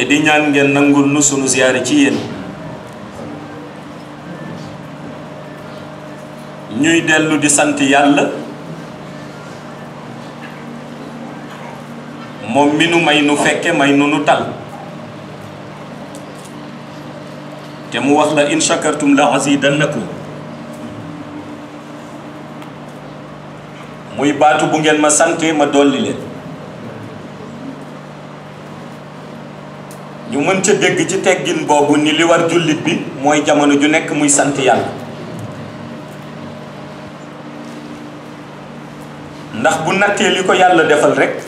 te di ñaan ngeen nangul nu sunu ziyaare ci yéen ñuy dellu di sant yàlla moom mi nu may nu fekke may nu nu tal te mu wax la in shakartum la azidannakum muy baatu bu ngeen ma sante ma dolli ñu mën ca dégg ci teggin boobu ni li war jullit bi mooy jamono ju nekk muy sant yàlla ndax bu nattee li ko yàlla defal rekk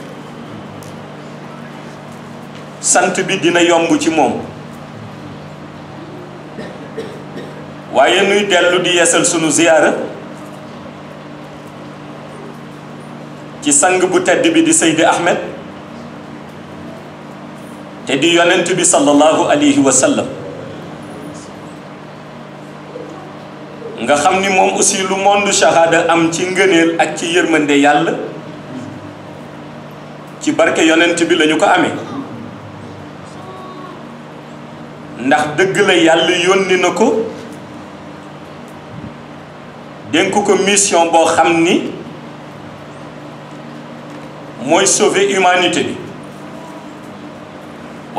sant bi dina yomb ci moom waaye nuy dellu di yeesal sunu ziyaara ci sang bu tedd bi di Seydi Ahmed te di yonent bi sallallahu alayhi wa sallam nga xam ni moom aussi lu monde shahada am ci ngëneel ak ci yërmande yàlla ci barke yonent bi lañu ko amee ndax dëgg la yàlla yónni na ko dénk ko mission boo xam ni mooy sauver humanité bi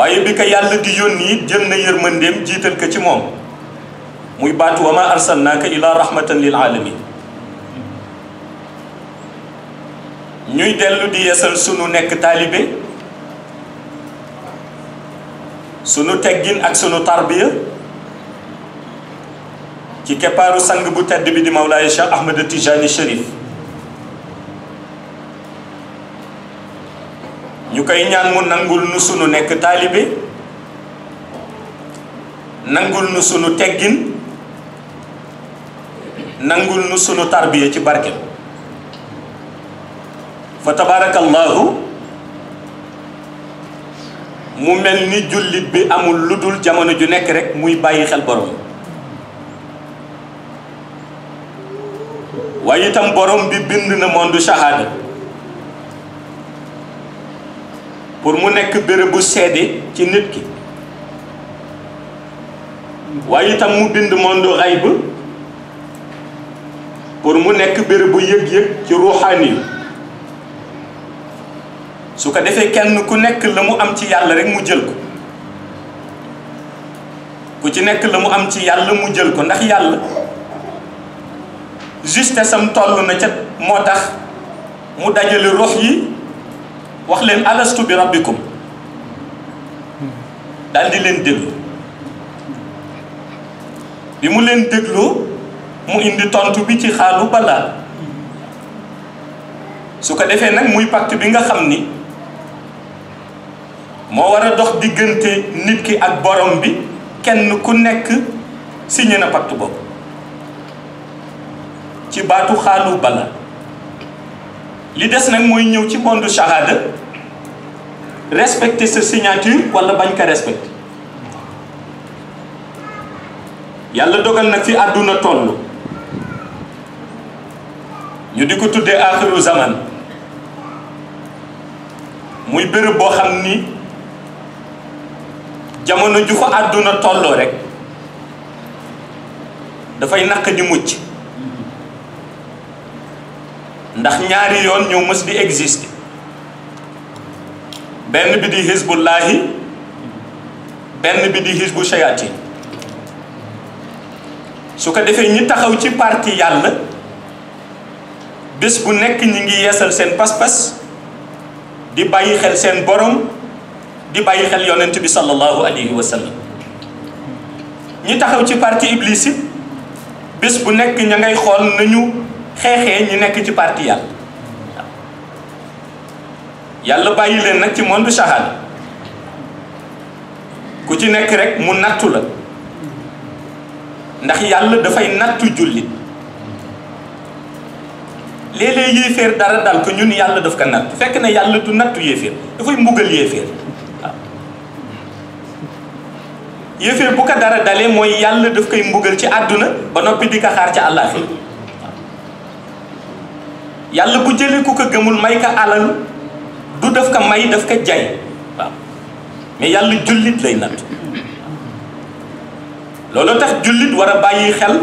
waaye bi ko yàlla di yónni it jël na yërmandeem jiital ko ci moom muy baatu wa ma arsalnaaka ila rahmatan lil alamin ñuy dellu di yeesal sunu nekk taalibe sunu teggin ak sunu tarbiya ci keppaaru sang bu tedd bi di Mawlaaya Cheikh Ahmed Tijani Cherif ñu koy ñaan mu nangul nu sunu nekk taalibe nangul nu sunu teggin nangul nu sunu tarbiya ci barke fa tabaarakallaahu mu mel ni jullit bi amul lu dul jamono ju nekk rek muy bàyyi xel borom waaye itam borom bi bind na monde shahada pour mu nekk béréb bu seede ci nit ki waaye itam mu bind monde xayb pour mu nekk béréb bu yëg-yëg ci ruuxaani yu su ko defee kenn ku nekk la mu am ci yàlla rek mu jël ko ku ci nekk la mu am ci yàlla mu jël ko ndax yàlla justesse am toll na ca moo tax mu dajale ruux yi wax leen alastu bi rabbikum daal di leen déglu bi mu leen dégloo mu indi tontu bi ci xaalu balaa su ko defee nag muy pacte bi nga xam ni moo war a dox diggante nit ki ak borom bi kenn ku nekk signé na pacte boobu ci baatu xaalu balaa li des nag mooy ñëw ci bondu shahada respecter sa signature walla bañ ko respecter yàlla dogal nag fi àdduna toll ñu di ko tuddee axiru zaman muy bërëb boo xam ni jamono ju fa àdduna tolloo rekk dafay naq di mucc ndax ñaari yoon ñoo mës di exister benn bi di hizbullahi benn bi di hizbu shayatin su ko defee ñi taxaw ci parti yàlla bés bu nekk ñi ngi yesal seen pas-pas di bàyyi xel seen borom di bàyyi xel yonent bi sallallahu alayhi wa sallam ñi taxaw ci parti iblis bés bu nekk ña ngay xool nañu xeexee ñu nekk ci parti yàlla yàlla bàyyi leen nag ci monde shahada ku ci nekk rek mu nattu la ndax yàlla dafay nattu jullit léeg-léeg yéeféer dara dal ko ñun yàlla daf ko nattu fekk na yàlla du nattu yéeféer dafay mbugal yéeféer yéeféer bu ko dara dalee mooy yàlla daf koy mbugal ci àdduna ba noppi di ko xaar ci àllaaxira yàlla bu jële ku ko gëmul may ka alal du daf ko may daf ko jay waaw mais yàlla jullit lay natt loolu tax jullit war a bàyyi xel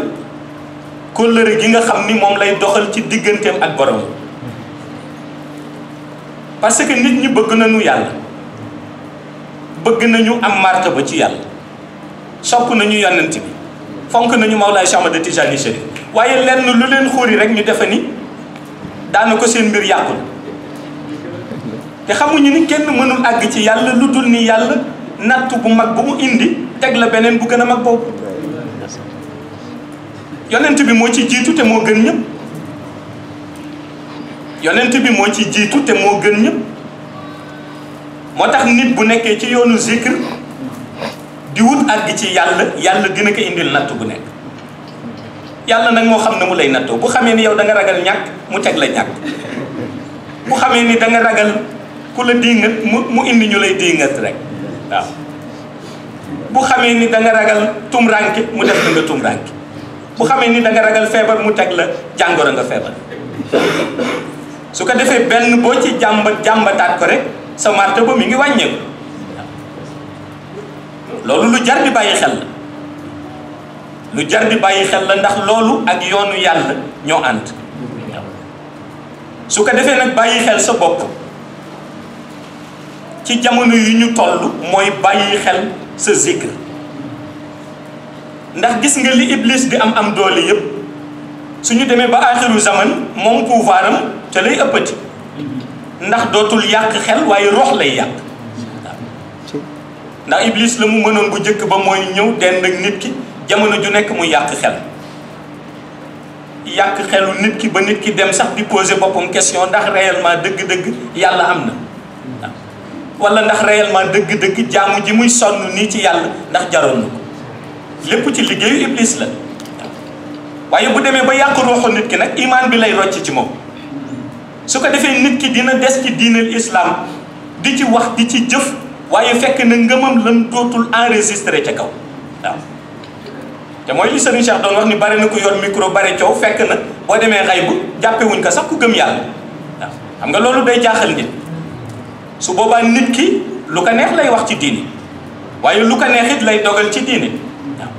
kóllëre gi nga xam ni moom lay doxal ci digganteem ak borom parce que nit ñi bëgg nañu yàlla bëgg nañu am martaba ci yàlla sopp nañu yonent bi fonk nañu Mawlaay Cheikh Ahmad Tijani Chérif waaye lenn lu leen xóori rek ñu defe ni daanako seen mbir yàqut te xamuñu ni kenn mënul àgg ci yàlla lu dul ni yàlla natt bu mag bu mu indi teg la beneen bu gën a mag boobu yonent bi moo ci jiitu te moo gën ñëpp yonent bi moo ci jiitu te moo gën ñëpp moo tax nit bu nekkee ci yoonu zikr di wut àgg ci yàlla yàlla dina ko indil natt bu nekk yàlla nag moo xam ne mu lay nattoo bu xamee ni yow da ragal ñàkk mu teg la ñàkk bu xamee ni danga ragal ku la diingat mu mu indi ñu lay diingat rek waaw bu xamee ni danga ragal tumranke mu def la nga bu xamee ni da nga ragal feebar mu teg la a nga feebar su ko defee benn boo ci jàmbat jàmbataat ko rek sa martaba mi ngi wàññeeku loolu lu jar bi bàyyi xel lu jar di bàyyi xel la ndax loolu ak yoonu yàlla ñoo ànd su ko defee nag bàyyi xel sa bopp ci jamono yu ñu toll mooy bàyyi xel sa zikr ndax gis nga li iblis di am am doole yépp ñu demee ba aaxiru zaman moom pouvoir ca lay ëppati ndax dootul yàq xel waaye rox lay yàq ndax iblis la mu mënoon bu njëkk ba mooy ñëw dend ak nit ki jamono ju nekk muy yàq xel yàq xelu nit ki ba nit ki dem sax di poser boppam question ndax réellement dëgg-dëgg yàlla am na wala ndax réellement dëgg-dëgg jaamu ji muy sonn nii ci yàlla ndax jaroon na ko lépp ci liggéeyu iblis la waaye bu demee ba yàq ruuxu nit ki nag imaan bi lay rocc ci moom su ko defee nit ki dina des ci diinal islaam di ci wax di ci jëf waaye fekk na ngëmam lan dootul enregistré ca kaw te mooy li Serigne Cheikh doon wax ni bari na ko yoon micro bari coow fekk na boo demee xay bu jàppewuñ ko sax ku gëm yàlla waaw xam nga loolu day jaaxal nit su boobaa nit ki lu ko neex lay wax ci diini waaye lu ko neex it lay dogal ci diini waaw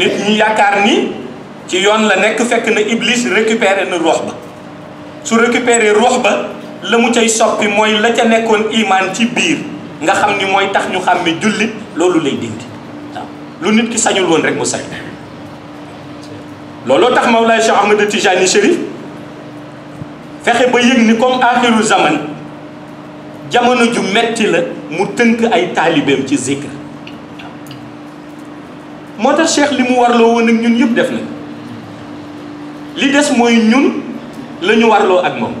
nit ñi yaakaar ni ci yoon la nekk fekk na Iblis récupéré na ruux ba su récupéré ruux ba la mu cay soppi mooy la ca nekkoon imaan ci biir nga xam ni mooy tax ñu xam ne jullit loolu lay dindi lu nit ki sañul woon rek mu sañ looloo tax Mawlaay Cheikh Ahmad Tijani Chérif fexe ba yëg ni comme axiru zaman jamono ju metti la mu tënk ay taalibeem ci zikr moo tax Cheikh li mu warloo woon ak ñun yëpp def na li des mooy ñun la ñu warloo ak moom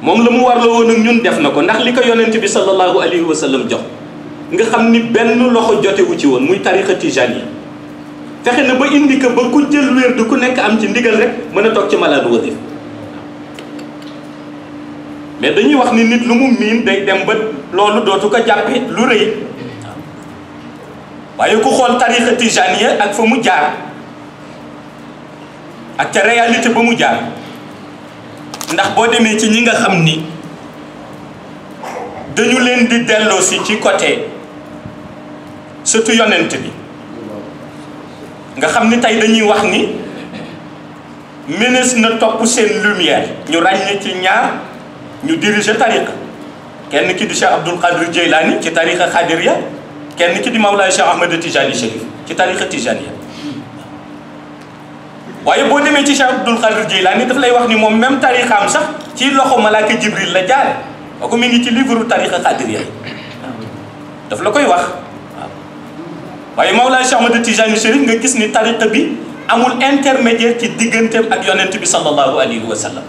moom la mu warloo woon ak ñun def na ko ndax li ko yonent bi sallallahu alayhi wa sallam jox nga xam ni benn loxo jotewu ci woon muy tarixa tijaan yi fexe na ba indi ka ba ku jël wér du ku nekk am ci ndigal rek mën a toog ci malade wasif mais dañuy wax ni nit lu mu miin day dem ba loolu dootu ko jàppee lu rëy waaye ku xool tarixa tijaniya ak fa mu jaar ak ca réalité ba mu jaar ndax boo demee ci ñi nga xam ni dañu leen di delloosi ci côté surtout yonent bi nga xam ni tey dañuy wax ni ministre na topp seen lumière ñu ràññee ci ñaar ñu diriger tariqa kenn ki di Cheikh Abdul Qadir Jeylaani ci tariqa Xadiriya kenn ki di Mawlaay Cheikh Ahmed Tijani Cherif ci tariqa Tijaniya waaye boo demee ci Cheikh Abdul Qadir Jeylaani daf lay wax ni moom même tariqaam sax ci loxo malaaka Jibril la jaar kooku mi ngi ci livre tariqa Xadiriya daf la koy wax. waaye Mawlaay Cheikh Ahmad Tijaani Chérif nga gis ni tariqa bi amul intermédiaire ci digganteem ak yonent bi sallallahu alayhi wa sallam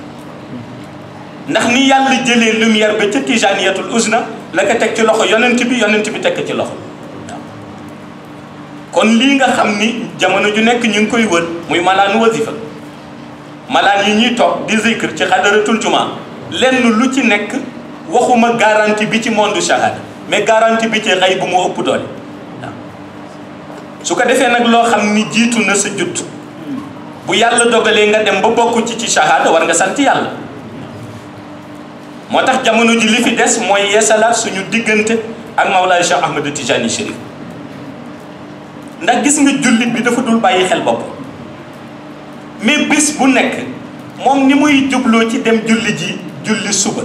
ndax ni yàlla jëlee lumière ba ca tijaniyatul uzna la ko teg ci loxo yonent bi yonent bi teg ci loxo kon lii nga xam ni jamono ju nekk ñu ngi koy wër muy malaan wazifa malaan yi ñuy toog di zikr ci xadaratul juma lenn lu ci nekk waxuma garantie bi ci monde shahada mais garantie bi ci xay bu mu ëpp doole su ko defee nag loo xam ni jiitu na sa judd bu yàlla dogalee nga dem ba bokk ci ci shahada war nga sant yàlla moo tax jamono ji li fi des mooy yeesalaat suñu diggante ak Mawlaay Cheikh Ahmed Tijani Chérif ndax gis nga jullit bi dafa dul bàyyi xel bopp mais bis bu nekk moom ni muy jubloo ci dem julli ji julli suba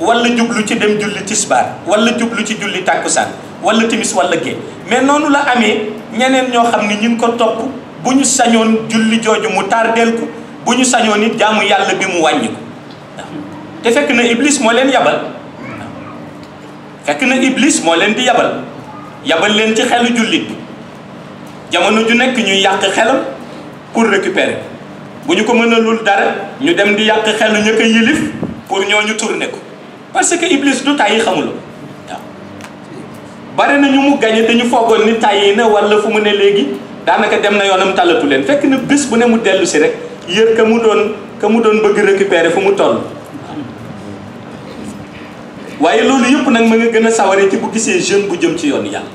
wala jublu ci dem julli tisbaar wala jublu ci julli tàkkusaan wala timis wala gée mais noonu la amee ñeneen ñoo xam ne ñu ngi ko topp bu ñu sañoon julli jooju mu tardeel ko bu ñu sañoon it jaamu yàlla bi mu wàññiku te fekk na iblis moo leen yabal fekk na iblis moo leen di yabal yabal leen ci xelu jullit bi jamono ju nekk ñuy yàq xelam pour récupérer bu ñu ko mënalul dara ñu dem di yàq xelu ña ko yilif pour ñoo ñu tourner ko parce que iblis du tàyyi xamuloo bare na ñu mu gañe te ñu foogoon ni tàyyi na wala fu mu ne léegi daanaka dem na yoonam talatu leen fekk na bés bu ne mu dellu si rek yër ka mu doon ka mu doon bëgg récupérer fu mu toll waaye loolu yëpp nag ma nga gën a saware ci bu gisee jeune bu jëm ci yoonu yàlla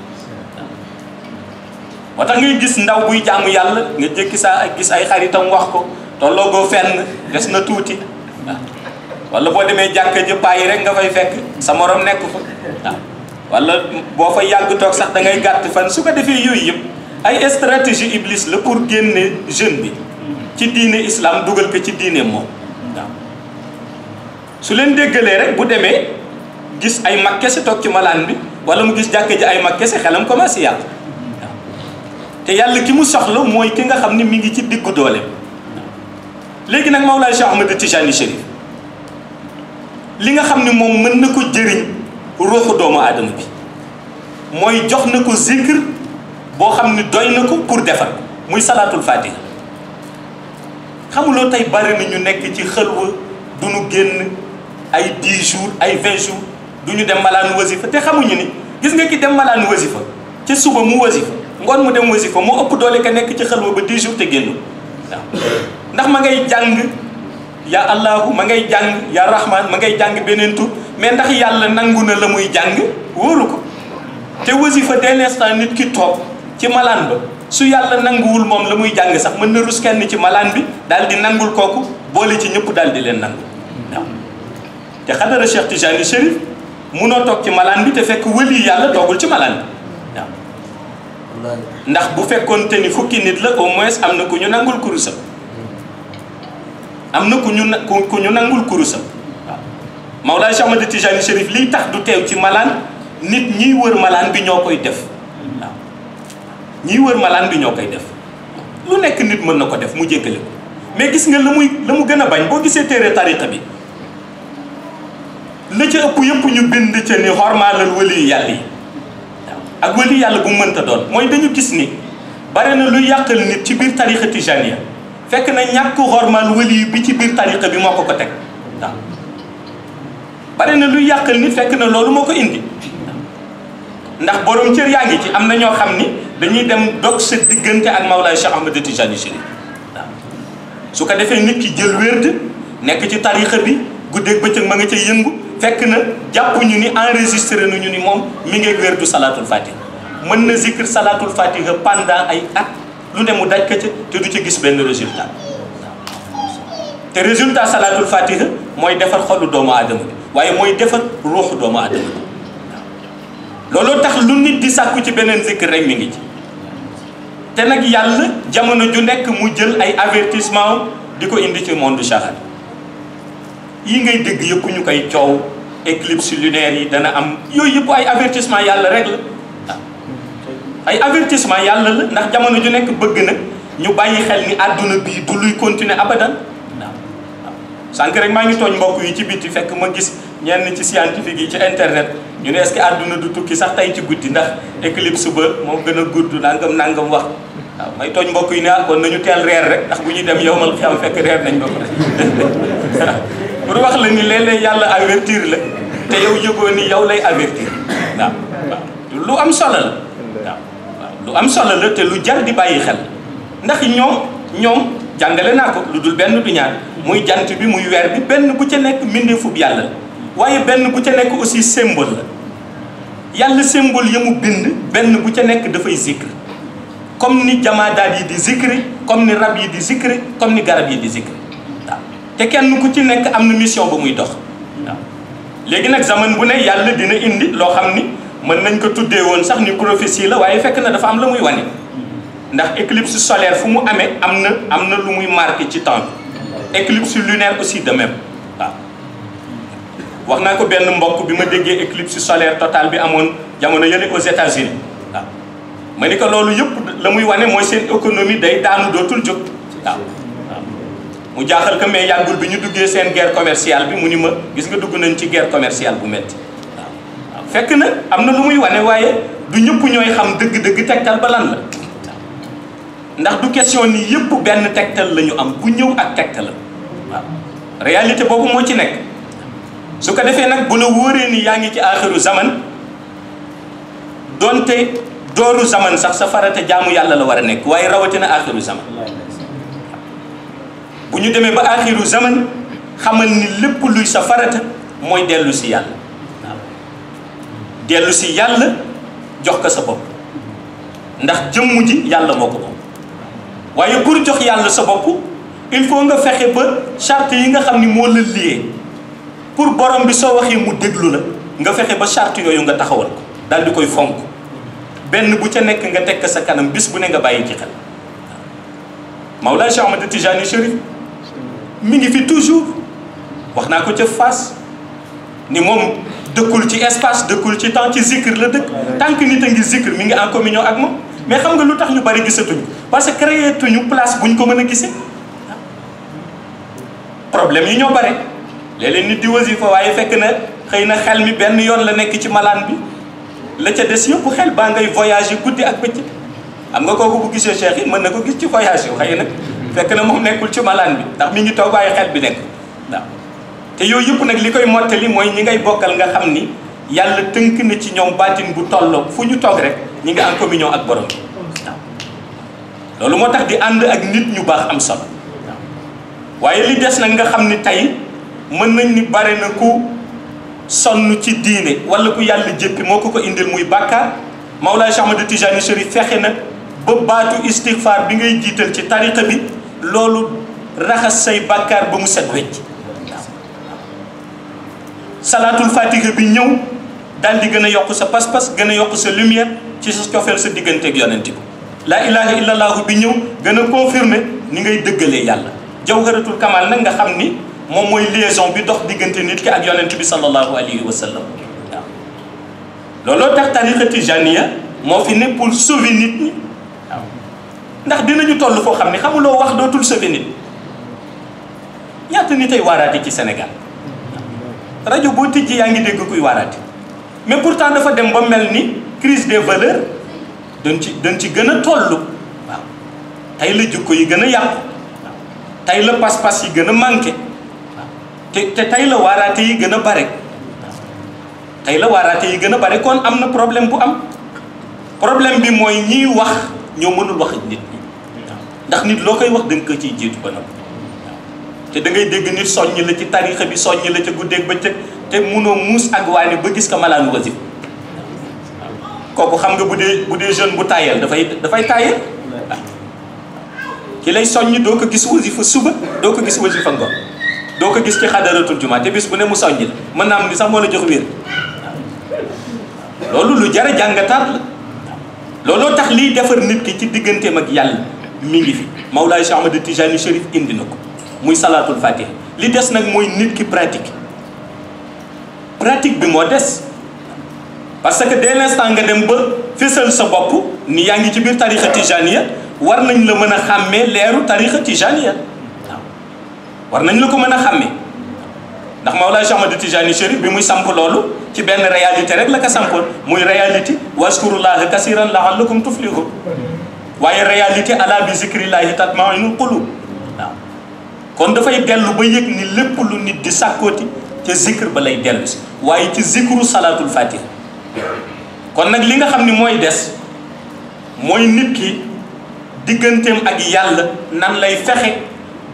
moo tax ngay gis ndaw buy jaamu yàlla nga jékki saa gis ay xaritam wax ko tolloo goo fenn des na tuuti wala boo demee jàkka ja paa rek nga koy fekk sa moroom nekk fa wala boo fa yàgg toog sax da ngay gàtt fan su ko defee yooyu yëpp ay stratégie iblis la pour génne jeune bi ci diine islaam dugal ko ci diine moom waaw su leen déggalee rek bu demee gis ay mag kese toog ci malaan bi wala mu gis jàkka ji ay mag kese xelam commencé waaw te yàlla ki mu soxla mooy ki nga xam ni mi ngi ci diggu dooleem léegi nag Mawlaay Cheikh Ahmed Tijani Chérif li nga xam ne moom mën na ko jëriñ ruuxu doomu aadama bi mooy jox na ko zikr boo xam ni doy na ko pour defar muy salaatul fatiha xamuloo tey bari na ñu nekk ci xëlwa du ñu génn ay 10 jours ay 20 jours du ñu dem malaan wasifa te xamuñu ni gis nga ki dem malaan wasifa ci suba mu wasifa ngoon mu dem wasifa moo ëpp doole ko nekk ci xëlwa ba 10 jours te génn waaw ndax ma ngay jàng ya allahu ma ngay jàng ya rahman ma ngay jàng beneen tur mais ndax yàlla nangu na la muy jàng wóoru ko te wasifa dès l'instant nit ki toog ci malaan ba su yàlla nanguwul moom la muy jàng sax mën na rus kenn ci malaan bi daal di nangul kooku boole ci ñëpp daal di leen nangu waaw te xadara Cheikh Tijani Chérif munoo toog ci malaan bi te fekk wëli yàlla toogul ci malaan bi waaw ndax bu fekkoon te ni fukki nit la au moins am na ku ñu nangul kurusam am na ku ñu na ku ñu nangul kurusam waaw Mawlaay Cheikh Ahmad Tijani Chérif liy tax du teew ci malaan nit ñiy wër malaan bi ñoo koy def waaw ñiy wër malaan bi ñoo koy def lu nekk nit mën na ko def mu jéggale ko mais gis nga la muy la mu gën a bañ boo gisee téere tariqa bi la ca ëpp yëpp ñu bind ca ni xormaalal wali yàlla yi waaw ak wali yàlla bu mënta doon mooy dañu gis nii bare na luy yàqal nit ci biir tariqa tijaniya fekk na ñàkk xormaal wëli bi ci biir tariqa bi moo ko ko teg bari na luy yàqal nit fekk na loolu moo ko indi ndax borom cër yaa ngi ci am na ñoo xam ni dañuy dem dog sa diggante ak Mawlaay Cheikh Ahmed Tijani si waaw su ko defee nit ki jël wérd nekk ci tariqa bi guddeeg bëccëg ma nga ca yëngu fekk na jàpp ñu ni enregistré nañu ni moom mi ngi wérdu salaatul fatiha mën na zikr salaatul fatiha pendant ay at lu ne mu daj ko ca te du ca gis benn résultat te résultat salaatul fatiha mooy defar xolu doomu adama bi waaye mooy defar ruuxu doomu aadama looloo tax lu nit di sàkku ci beneen zikr rek mi ngi ci te nag yàlla jamono ju nekk mu jël ay avertissement di ko indi ci monde chahar yi ngay dégg yëpp ñu koy coow éclipse lunaire yi dana am yooyu yëpp ay avertissement yàlla rek la ay avertissement yàlla la ndax jamono ju nekk bëgg na ñu bàyyi xel ni àdduna bii du luy continuer abadan waaw waaw rek maa ngi tooñ mbokk yi ci biti fekk ma gis ñenn ci scientifique yi ci internet ñu ne est-ce àdduna du tukki sax tey ci guddi ndax éclipse ba moo gën a gudd nangam nangam wax waaw may tooñ mbokk yi ne ah kon nañu teel reer rek ndax bu ñuy dem yowmal xiyam fekk reer nañ ba pare pour wax la ni léeg-léeg yàlla avertir la te yow yëgoo ni lay avertir lu am solo lu am solo la te lu jar di bàyyi xel ndax ñoom ñoom jàngale naa ko lu dul benn du ñaan muy jant bi muy weer bi benn bu ca nekk mbindeefub yàlla la waaye benn bu ca nekk aussi symbole la yàlla symbole ya mu bind benn bu ca nekk dafay zikr comme ni jamaadaat yi di zikri comme ni rab yi di zikri comme ni garab yi di zikri waaw te kenn ku ci nekk am na mission ba muy dox waaw léegi nag zaman bu ne yàlla dina indi loo xam ni mën nañ ko tuddee woon sax ni prophétie la waaye fekk na dafa am la muy wane ndax éclipse solaire fu mu amee am na am na lu muy marqué ci temps bi éclipse lunaire aussi de même waaw wax naa ko benn mbokk bi ma déggee éclipse solaire totale bi amoon jamono yële aux États-Unis waaw ma ni ko loolu yëpp la muy wane mooy seen économie day daanu dootul jóg waaw mu jaaxal ko mais yàggul bi ñu duggee seen guerre commerciale bi mu ni ma gis nga dugg nañ ci guerre commerciale bu métti fekk na am na lu muy wane waaye du ñëpp ñooy xam dëgg-dëgg tegtal ba lan la ndax du question ni yëpp benn tegtal lañu am bu ñëw ak tegtal la waaw réalité boobu moo ci nekk su ko defee nag bu la wóoree ni yaa ngi ci aaxiru zaman donte dooru zaman sax sa farata jaamu yàlla la war a nekk waaye rawatina aaxiru zaman bu ñu demee ba aaxiru zaman xamal ni lépp luy sa farata mooy dellu si yàlla dellu si yàlla jox ko sa bopp ndax jëmm ji yàlla moo ko ko waaye pour jox yàlla sa bopp il faut nga fexe ba charte yi nga xam ni moo la lié pour borom bi soo waxee mu déglu la nga fexe ba charte yooyu nga taxawal ko daal di koy fonk benn bu ca nekk nga tekk sa kanam bis bu ne nga bàyyi ci xel Mawlaa Cheikh Ahmad Tijani Chérif mi ngi fi toujours wax naa ko ca fas ni moom dëkkul ci espace dëkkul ci temps ci zikr la dëkk tant que nit a ngi zikr mi ngi en communion ak moom mais xam nga lu tax ñu bari gisatuñu parce que créé tuñu place buñ ko mën a gisee problème yi ñoo bare léeg-léeg nit di wasifa waaye fekk na xëy na xel mi benn yoon la nekk ci malaan bi la ca des yëpp xel baa ngay voyage yi guddi ak bëccëg am nga kooku bu gisee cheikh yi mën na ko gis ci voyage yu xëy na fekk na moom nekkul ci malaan bi ndax mi ngi toog waaye bi nekk te yooyu yëpp nag li koy mottali mooy ñi ngay bokkal nga xam ni yàlla tënk na ci ñoom baatin bu tollook fu ñu toog rek ñi nga am communion ak borom waaw loolu moo tax di ànd ak nit ñu baax am solo waaye li des nag nga xam ni tey mën nañ ni bare na ku sonn ci diine wala ku yàlla jéppi moo ko ko indil muy bàkkaar Mawlaay Cheikh Ahmadou Tijani Chérif fexe na ba baatu istigfaar bi ngay jiital ci tariqa bi loolu raxas say bàkkaar ba mu set wecc salaatul fatiha bi ñëw daal di gën a yokk sa pas-pas gën a yokk sa lumière ci sa cofeel sa diggante ak yonent bi laa ilaha illallahu bi ñëw gën a confirmer ni ngay dëggalee yàlla jawharatul kamal nag nga xam ni moom mooy liaison bi dox diggante nit ki ak yonent bi sallallahu alayhi wa moo fi ne pour sauver nit ñi waaw ndax dinañu toll foo xam ne xamuloo wax dootul sauver nit ñaata nit ay waaraate ci senegal rajo boo tijji yaa ngi dégg kuy waaraate mais pourtant dafa dem ba mel ni crise des valeurs dañ ci dañ ci gën a toll waaw tey la jikko yi gën a yàqu waaw tey la pas-pas yi gën a manqué te te tey la waaraate yi gën a bare waaw la waaraate yi gën a bare koon am na problème bu am problème bi mooy ñiy wax ñoo mënul wax nit ndax nit loo koy wax da ko ciy jiitu ba noppi te da ngay dégg nit soññ la ci tarixa bi soññ la ca guddeeg bëccëg te munoo muus ak waane ba gis ko malaanu wasif kooku xam nga bu dee bu dee jeune bu tayel dafay dafay tayel ki lay soññ doo ko gis wasifa suba doo ko gis wasifa ngoon doo ko gis ci xadaratul juma te bis bu ne mu soññ la mën naa am ni sax moo la jox wér loolu lu jara jàngataat looloo tax liy defar nit ki ci digganteem ak yàlla mi ngi fi Mawlaay Cheikh Ahmad Tijani Chérif indi na ko muy salaatul fatih li des nag mooy nit ki pratique pratique bi moo des parce que dès l'instant nga dem ba fésal sa bopp ni yaa ngi ci biir tarixa tijaniya war nañ la mën a xàmmee leeru tarixa tijaniya war nañ la ko mën a xàmmee ndax Mawlaay Cheikh Ahmad Tijani Chérif bi muy samp loolu ci benn réalité rek la ko sampoon muy réalité waskurullaha kasiran laallakum tuflihun waaye réalité ala bi zikrillahi tatmainul qulub kon dafay dellu ba yëg ni lépp lu nit di sàkkooti ca zikr ba lay dellu si waaye ci zikru salaatul fatiha kon nag li nga xam ni mooy des mooy nit ki digganteem ak yàlla nan lay fexe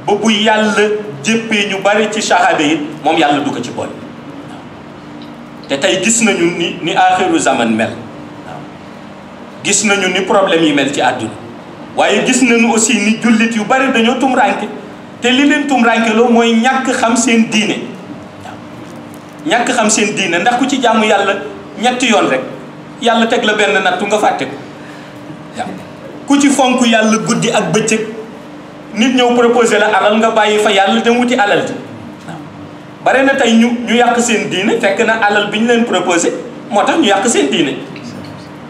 ba bu yàlla jéppee ñu bari ci sahaaba yi moom yàlla du ko ci boole te tey gis nañu ni ni aaxiru zaman mel waaw gis nañu ni problème yi mel ci àdduna waaye gis nañu aussi ni jullit yu bari dañoo tumuraanke te li leen tumrankeloo mooy ñàkk xam seen diine waaw ñàkk xam seen diine ndax ku ci jàmm yàlla ñetti yoon rek yàlla teg la benn nattu nga fàtte ko waaw ku ci fonk yàlla guddi ak bëccëg nit ñëw proposé la alal nga bàyyi fa yàlla dem wuti alal ji bare na tey ñu ñu yàq seen diine fekk na alal bi ñu leen proposé moo tax ñu yàq seen diine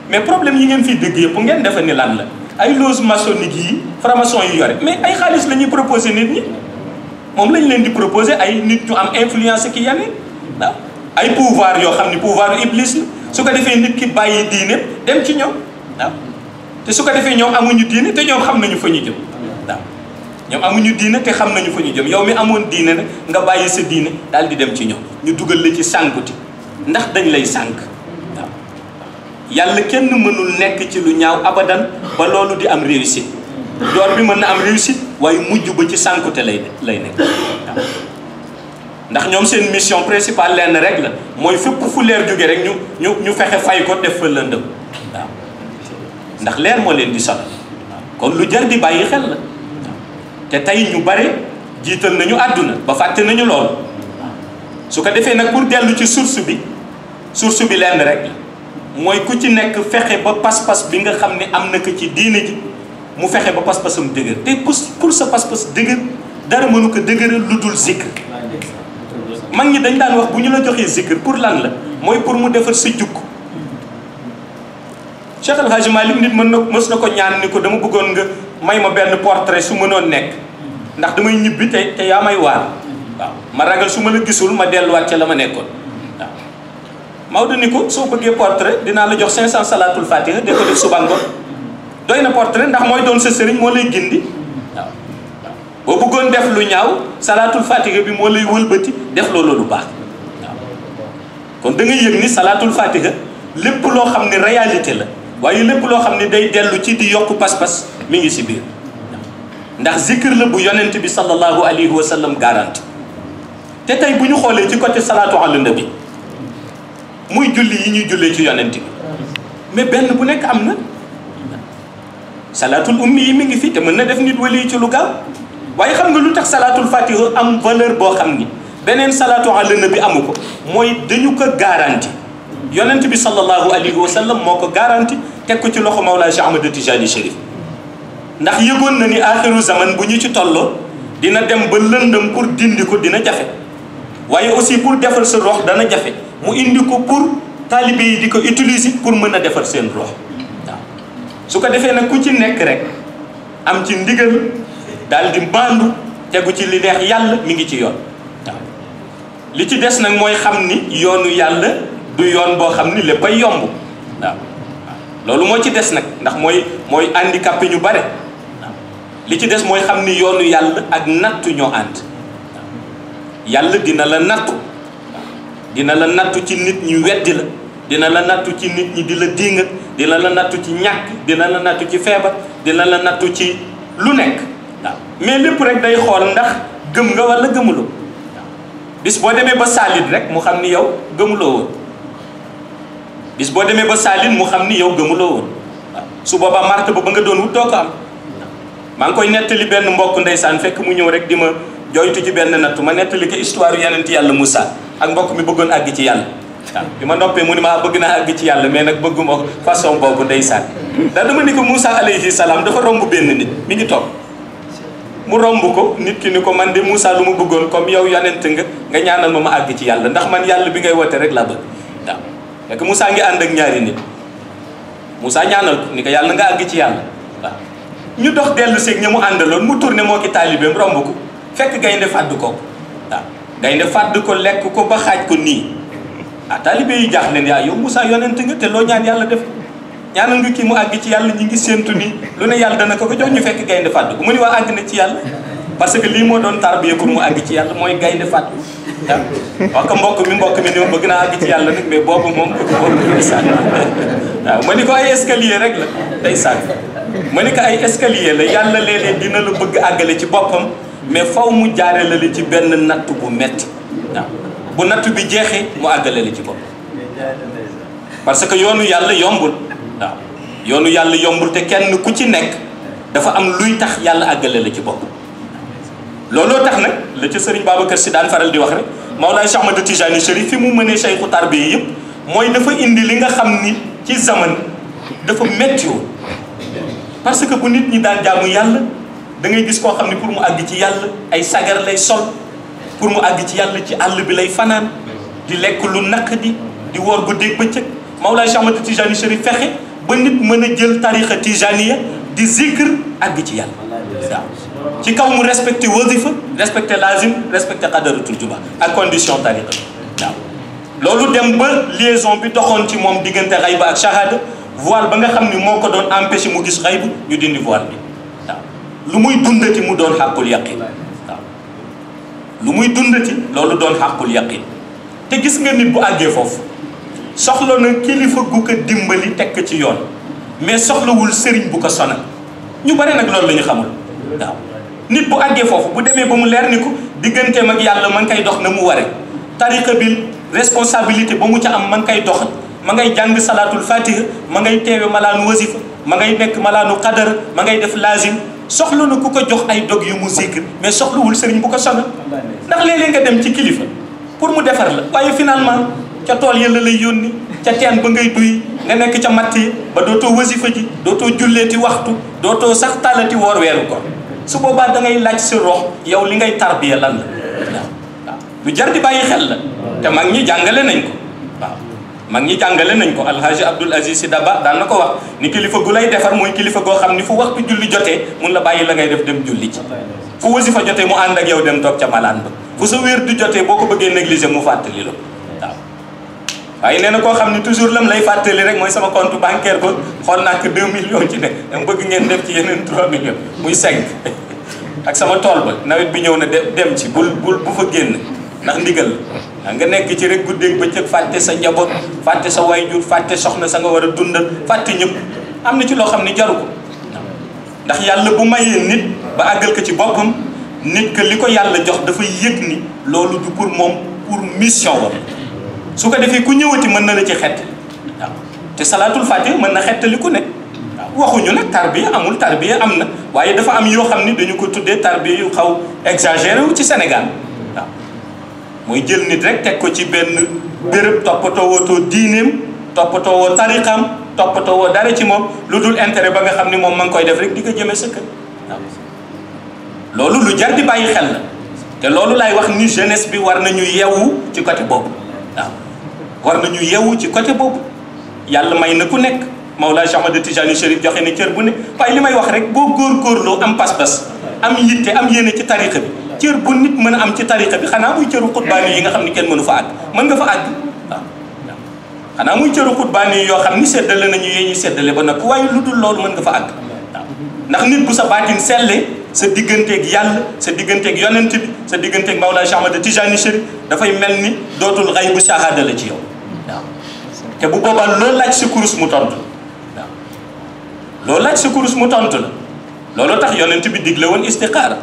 mais problème yi ngeen fiy dégg yëpp ngeen defe ni lan la ay loge maçonnique yi franc-maçon yu yore mais ay xaalis la ñuy proposé nit ñi moom lañ leen di proposé ay nit ñu am influence ki yeneen waaw ay pouvoir yoo xam ne pouvoir iblis la su ko defee nit ki bàyyi diine dem ci ñëw waaw te su ko defee ñoom amuñu diine te ñoom xam nañu fa ñu jëm waaw ñoom amuñu diine te xam nañu fa ñu jëm yow mi amoon diine nag nga bàyyi sa diine daal di dem ci ñoom ñu dugal la ci sànkuti ndax dañ lay sànk yàlla kenn mënul nekk ci lu ñaaw abadan ba loolu di am réussite door bi mën na am réussite waaye mujj ba ci sànkute lay lay nekk ndax ñoom seen mission principal lenn rek la mooy fukk fu leer jóge rek ñu ñu ñu fexe fay ko def fa lëndëm ndax leer moo leen di sonal kon lu jar di bàyyi xel la te tey ñu bare jiital nañu àdduna ba fàtte nañu loolu su ko defee nag pour dellu ci source bi source bi lenn rek la mooy ku ci nekk fexe ba pas-pas bi nga xam ne am na ko ci diine ji mu fexe ba pas-pasam dëgër te pour pour sa pas-pas dëgër dara mënu ko dëgëral lu dul zikr mag ñi dañ daan wax bu ñu la joxee zikr pour lan la mooy pour mu defar sa jukk Cheikh El Hadj nit mën na mës na ko ñaan ni ko dama bëggoon nga may ma benn portrait su mënoon nekk ndax damay ñibbi te te yaa may waar waaw ma ragal su ma la gisul ma delluwaat ca la ma nekkoon Maodo ni ko soo bëggee portrait dinaa la jox 500 salaatul fatiha de ko def suba ngoon doy na portrait ndax mooy doon sa sëriñ moo lay gindi waaw boo bëggoon def lu ñaaw salaatul fatiha bi moo lay wëlbati def loola lu baax waaw kon da ngay yëg ni salaatul fatiha lépp loo xam ne réalité la waaye lépp loo xam ne day dellu ci di yokk pas-pas mi ngi si biir ndax zikir la bu yonent bi sallallahu alayhi wa sallam garanti te tey bu ñu xoolee ci côté salaatu ala nabi muy julli yi ñuy jullee ci yonent bi mais benn bu nekk am na salaatul ummi yi mi ngi fi te mën na def nit wali ci lu gaaw waaye xam nga lu tax salaatul fatiha am valeur boo xam ni beneen salaatu ala nabi amu ko mooy dañu ko garanti yonent bi sallallahu alayhi wa sallam moo ko garanti teg ko ci loxo Mawlaa Cheikh Ahmad Tijani Chérif ndax yëgoon na ni axiru zaman bu ñu ci tolloo dina dem ba lëndëm pour dindi ko dina jafe waaye aussi pour defal sa rox dana jafe mu indi ko pour taalibe yi di ko utiliser pour mën a defar seen rox su ko defee nag ku ci nekk rek am ci ndigal daal di tegu ci li neex yàlla mu ngi ci yoon li ci des nag mooy xam ni yoonu yàlla du yoon boo xam ni lépp ay yomb loolu moo ci des nag ndax mooy mooy indi handicapé ñu bare li ci des mooy xam ni yoonu yàlla ak nattu ñoo ànd yàlla dina la nattu dina la nattu ci nit ñi weddi la dina la nattu ci nit ñi di la diingat dina la nattu ci ñàkk dina la nattu ci feebar dina la nattu ci lu nekk waaw mais lépp rek day xool ndax gëm nga wala gëmuloo waaw bis boo demee ba saalit rek mu xam ni yow gëmuloo woon bis boo demee ba saalit mu xam ni yow gëmuloo woon waaw su boobaa marte ba ba nga doon wut doo ko am maa ngi koy nettali benn mbokk ndeysaan fekk mu ñëw rek di ma jooytu ci benn nattu ma nettali ko histoire yu yonent yàlla Moussa ak mbokk mi bëggoon àgg ci yàlla waaw bi ma noppee mu ni maa ah, bëgg naa àgg ci yàlla mais nag bëgguma façon boobu ndeysaan ndax dama ni ko Moussa alayhi salaam dafa romb benn nit mi ngi toog mu romb ko nit ki ni ko man de Moussa lu ma bëggoon comme yow yonent nga nga ñaanal ma ma àgg ci yàlla ndax man yàlla bi ngay woote rek laa bëgg waaw fekk Moussa ngi ànd ak ñaari nit Moussa ñaanal ko ni ko yàlla nga àgg ci yàlla waaw ñu dox dellu seeg ña mu àndaloon mu tourné moo ki taalibeem romb ko fekk gaynde fàdd ko waaw gaynde fàdd ko lekk ko ba xaaj ko nii ah taalibe yi jaax leen yaa yow Moussa yonent nga te loo ñaan yàlla def ñaanal nga kii mu àgg ci yàlla ñu ngi séentu nii lu ne yàlla dana ko ko jox ñu fekk gaynde fàdd ko mu ni waa àgg na ci yàlla parce que lii moo doon tarbiya pour mu àgg ci yàlla mooy gaynde fàttu waaw mbokk mi mbokk mi ni ma bëgg naa àgg ci yàlla nag mais boobu moom boobu sàn waaw ma ni ko ay escalier rek la day sàgg ma ni ko ay escalier la yàlla léeg-léeg la bëgg àggale ci boppam mais faw mu jaare la li ci benn natt bu metti waaw bu natt bi jeexee mu àggale la ci bopp parce que yoonu yàlla yombul waaw yoonu yàlla yombul te kenn ku ci nekk dafa am luy tax yàlla àggale la ci bopp looloo tax nag la ci sëriñ Babacar si daan faral di wax rek Mawlaay Cheikh Ahmadou Tijani Chérif fi mu mënee Cheikhu Tarbiya yëpp mooy dafa indi li nga xam ni ci zaman dafa méttiwul parce que bu nit ñi daan jaamu yàlla da ngay gis koo xam ne pour mu àgg ci yàlla ay sagar lay sol pour mu àgg ci yàlla ci àll bi lay fanaan di lekk lu naq di di woor guddeeg bëccëg Mawlaay Cheikh Ahmad Tijani Chérif fexe ba nit mën a jël tarixa tijaniya di zikr àgg ci yàlla waaw ci kaw mu respecté wasifa respecté lazim respecté qadaratul juba ak condition tariqa waaw loolu dem ba liaison bi doxoon ci moom diggante xayba ak shahada voile ba nga xam ni moo ko doon empêché mu gis xaybu ñu dindi voile lu muy dundati mu doon xàqul yaqin waaw lu muy dundati loolu doon xàqul yaqin te gis nga nit bu àggee foofu soxla na kilifa gu ko dimbali tekk ci yoon mais soxlawul sëriñ bu ko sona ñu bare nag loolu la xamul nit bu àggee foofu bu demee ba mu leer ni ko digganteem ak yàlla ma ngi koy dox na mu ware tariqa bi responsabilité ba mu ci am man kay koy dox ma ngay jàng salaatul fatiha ma ngay teewe malaanu wasifa ma ngay nekk malaanu qadar ma ngay def lazim soxla na ku ko jox ay dog yu mu zikr mais soxlawul sëriñ bu ko sonal ndax léeg-léeg nga dem ci kilifa pour mu defar la waaye finalement ca tool ya la lay yónni ca teen ba ngay duy nga nekk ca matt yi ba dootoo wasifa ji dootoo julleeti waxtu dootoo sax talati woor weeru ko su boobaa dangay laaj si rox yow li ngay tarbiya lan la waaw lu jar di bàyyi xel la te mag ñi jàngale nañ ko mag ñi jàngale nañ ko alhaji abdul aziz si daba daan na ko wax ni kilifa gu lay defar mooy kilifa goo xam ni fu waxtu julli jotee mun la bàyyi la ngay def dem julli ci fu wasifa jotee mu ànd ak yow dem toog ca malaan ba fu sa wér du jotee boo ko bëggee négliger mu fàttali la waaw waaye nee na koo xam ne toujours lam lay fàttali rek mooy sama compte bancaire ko xool naa ko 2 millions ci ne dama bëgg ngeen dem ci yeneen 3 millions muy 5 ak sama tool ba nawet bi ñëw na dem ci bul bul bu fa génn ndax ndigal la nga nekk ci rek guddeeg bëccëg fàtte sa njaboot fàtte sa waajur fàtte soxna sa nga war a dundal fàtte ñëpp am na ci loo xam ne jaru ko ndax yàlla bu mayee nit ba àggal ko ci boppam nit que li ko yàlla jox dafa yëg ni loolu du pour moom pour mission la su ko defee ku ñëwati mën na la ci xett waaw te salaatul fàtte mën na xettali ku ne waxuñu nag tarbiya amul tarbiya am na waaye dafa am yoo xam ni dañu ko tuddee tarbiya yu xaw exagéré wu ci Sénégal muy jël nit rek teg ko ci benn béréb toppatoo wootoo diineem toppatoo woo tariqam toppatoo woo dara ci moom lu dul intere ba nga xam ni moom ma ngi koy def rek di ko jëmee sa kër loolu lu jar di bàyyi xel la te loolu laay wax ni jeunesse bi war nañu yewu ci côté boobu waaw war nañu yewu ci côté boobu yàlla may na ku nekk moom laa Mawlaa Cheikh Ahmad Tijaani Chérif joxe ne cër bu ne waaye li may wax rek boo góorgóorloo am pas-pas am yitte am yéene ci tariqa bi cër bu nit mën a am ci tariqa bi xanaa muy cëru xutbaani yi nga xam ni kenn mënu fa àgg mën nga fa àgg waaw xanaa muy cëru xutbaani yoo xam ni seddale nañu yee ñuy seddale ba noppi waaye lu dul loolu mën nga fa àgg waaw ndax nit bu sa baatin selle sa digganteeg yàlla sa digganteeg yonent bi sa digganteeg Mawlana Cheikh Ahmad Tijani Chérif dafay mel ni dootul xay bu sahaada ci yow te bu boobaa loolu laaj si kurus mu tontu waaw loolu laaj si kurus mu tontu la loolu tax yonent bi digle woon istiqaara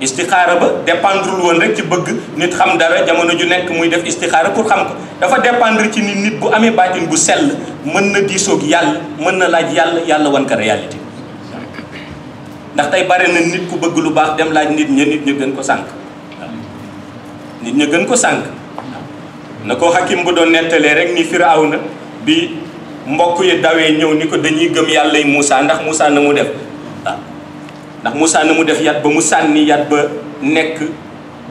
istixaara ba dépendrul woon rek ci bëgg nit xam dara jamono ju nekk muy def istixaara pour xam ko dafa dépendre ci ni nit bu amee baatin bu sell mën na diisoog yàlla mën na laaj yàlla yàlla wan ko réalité ndax tey bare na nit ku bëgg lu baax dem laaj nit ña nit ña gën ko sànq nit ña gën ko sànq na ko xakim bu doon nettalee rek ni na bi mbokk yi dawee ñëw ni ko dañuy gëm yàlla yi Moussa ndax Moussa na mu def ndax mu na mu def yat ba mu sànni yat ba nekk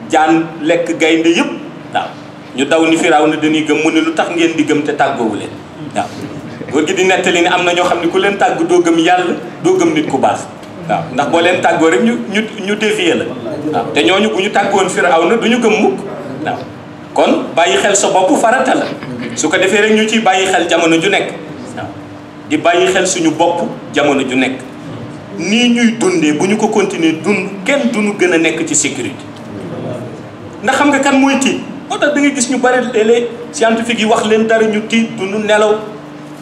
jaan lekk gaynde yëpp waaw ñu daw ni firaaw na dañuy gëm mu ne lu tax ngeen di gëm te tàggoowu leen waaw góor gi di nettali ne am na ñoo xam ne ku leen tàgg doo gëm yàlla doo gëm nit ku baax waaw ndax boo leen tàggoo rek ñu ñu ñu défier la waaw te ñooñu bu ñu tàggoon firaaw na du ñu gëm mukk waaw kon bàyyi xel sa bopp farata la su ko defee rek ñu ciy bàyyi xel jamono ju nekk waaw di bàyyi xel suñu bopp jamono ju nekk nii ñuy dundee bu ñu ko continuer dund kenn duñu gën a nekk ci sécurité ndax xam nga kan mooy tiit moo tax da ngay gis ñu bari léeg-léeg yi wax leen dara ñu tiit duñu nelaw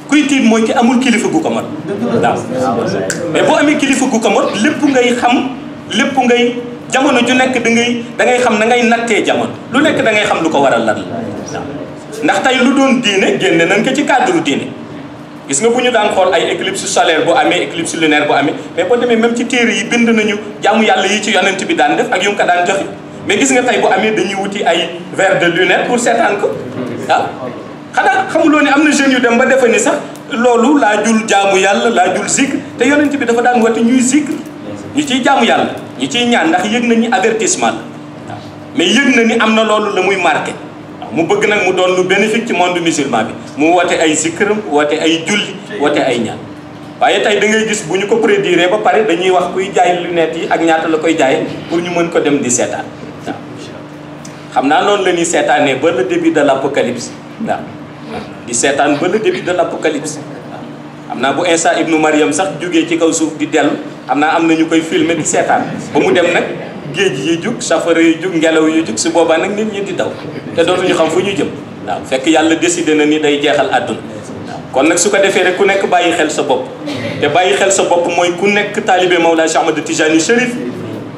kuy tiit mooy ki amul kilifa gu ko mat waaw mais boo amee kilifa gu ko mat lépp ngay xam lépp ngay jamono ju nekk da ngay da ngay xam na ngay nattee jamono lu nekk da ngay xam lu ko waral lan la ndax tey lu doon diine génne nañ ko ci cadre diine gis nga bu ñu daan xool ay éclipse solaire bu amee éclipse lunaire bu amee mais boo demee même ci téere yi bind nañu jaamu yàlla yi ci yonent bi daan def ak yu mu ko daan joxe mais gis nga tey bu amee dañuy wuti ay verre de lunette pour seetaan ko ah xanaa xamuloo ne am na jeunes yu dem ba defe ni sax loolu laa jul jaamu yàlla laa jul zikr te yonent bi dafa daan wati ñuy zikr ñu ciy jàmm yàlla ñu ciy ñaan ndax yëg nañu avertissement la mais yëg na ni am na loolu la muy marqué mu bëgg nag mu doon lu bénéfique ci monde musulman bi mu woote ay zikram woote ay julli woote ay ñaan waaye tey da ngay gis bu ñu ko prédire ba pare dañuy wax kuy jaay lunettes yi ak ñaata la koy jaayee pour ñu mën ko dem di seetaan waaw xam naa noonu la ñuy seetaanee ba le début de l' waaw di seetaan ba le début de l' apocalypse xam naa bu Insa ibnu Mariam sax jógee ci kaw suuf di dell xam naa am na ñu koy filmer di seetaan ba mu dem nag géej yi jug safara yi jug ngelaw yi jug su boobaa nag nit ñi di daw te dootuñu xam fu ñu jëm waaw fekk yàlla décidé na ni day jeexal àdduna waaw kon nag su ko defee rek ku nekk bàyyi xel sa bopp te bàyyi xel sa bopp mooy ku nekk taalibe Mawlaa Cheikh Ahmadou Tijani Chérif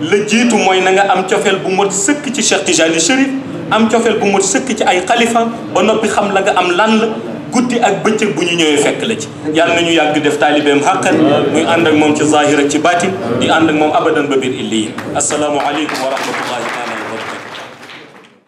la jiitu mooy na nga am cofeel bu mot sëkk ci Cheikh Tijani Chérif am cofeel bu mot sëkk ci ay xalifa ba noppi xam la nga am lan la guddi ak bëccëg bu ñu ñëwee fekk la ci yàlla ñu yàgg def taalibeem xàqan muy ànd ak moom ci zahir ak ci baatin di ànd ak moom abadan ba biir illi yi asalaamu aleykum wa rahmatullahi